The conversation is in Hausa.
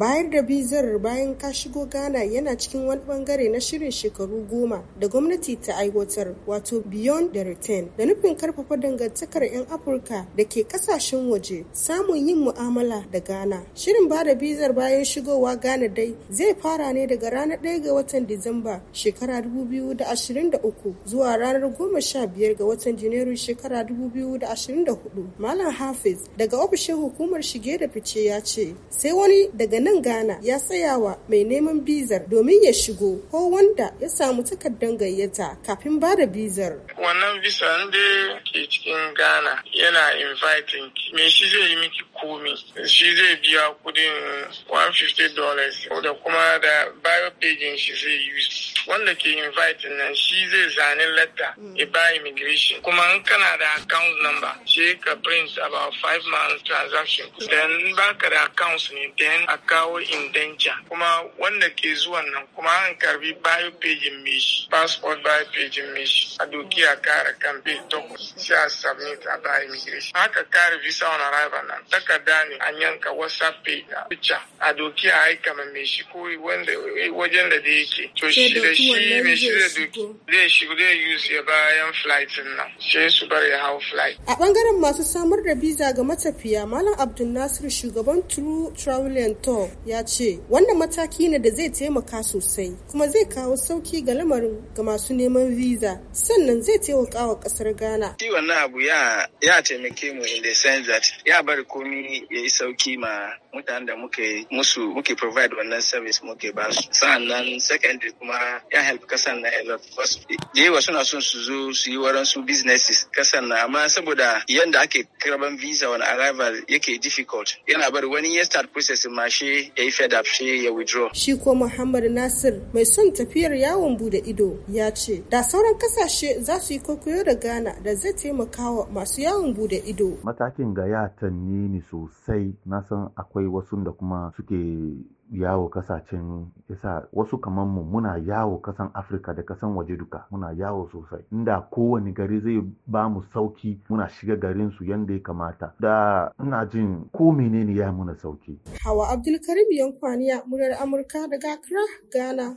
bayar da bizar bayan ka shigo ghana yana cikin wani bangare na shirin shekaru goma da gwamnati ta aiwatar wato beyond the return da nufin karfafa dangantakar 'yan afirka da ke kasashen waje samun yin mu'amala da ghana shirin ba da bizar bayan shigowa ghana dai zai fara ne daga ranar 1 ga watan disamba shekara 2023 zuwa ranar 15 ga watan janairu shekara 2024 malam hafiz daga ofishin hukumar shige da fice ya ce sai wani daga nan Ghana ya wa mai neman bizar domin ya shigo ko wanda ya samu takardar gayyata kafin ba da bizar. Wannan bisa da ke cikin Ghana yana inviting ki. Me shi zai yi miki komi. Shi zai biya kudin $150 da kuma da biopagin shi zai yi. Wanda ke inviting nan shi zai zane letter hmm. ya ba immigration. Kuma in kana da account number sai ka print about five months transaction. Hmm. Then baka da account ne then account kawo indanja kuma wanda ke zuwan nan kuma an karbi bayo pejin mishi passport bayo pejin mishi a doki a kara kamfe takwas sai a submit a ba immigration haka kare visa on arrival nan takarda ne an yanka whatsapp page a picture a doki a aika ma mai shi ko wanda wajen da da yake to shi da shi mai shi da doki zai shigo zai use ya bayan flight nan sai su bar ya hau flight a bangaren masu samar da visa ga matafiya malam abdul nasir shugaban true travel and tour ya ce wannan mataki ne da zai taimaka sosai kuma zai kawo sauki ga lamarin ga masu neman visa sannan zai taimaka wa kasar Ghana. Shi wannan abu ya ya taimake mu in the sense that ya bar komi ya yi sauki ma mutanen da muke musu muke provide wannan service muke ba su. Sannan secondary kuma ya help kasan na a lot Da yawa suna son su zo su yi su businesses kasan na amma saboda yadda ake karban visa wani arrival yake difficult yana bari wani ya start processing ma shi ya yi fed up shi ya withdraw. Shi ko Muhammad Nasir mai son tafiyar yawon bude ido ya ce da sauran kasashe za su yi kwaikwayo da Ghana da zai taimaka wa masu yawon bude ido. Matakin ga ya tanni ni sosai na san akwai wasu da kuma suke yawo kasashen yasa wasu kamar mu muna yawo kasan afirka da kasan waje duka muna yawo sosai inda kowane gari zai ba mu sauki muna shiga garin su yanda ya kamata da ina jin ko menene ya muna sauki hawa abdul Abdulkarim kwaniya muryar Amurka daga Accra, Ghana.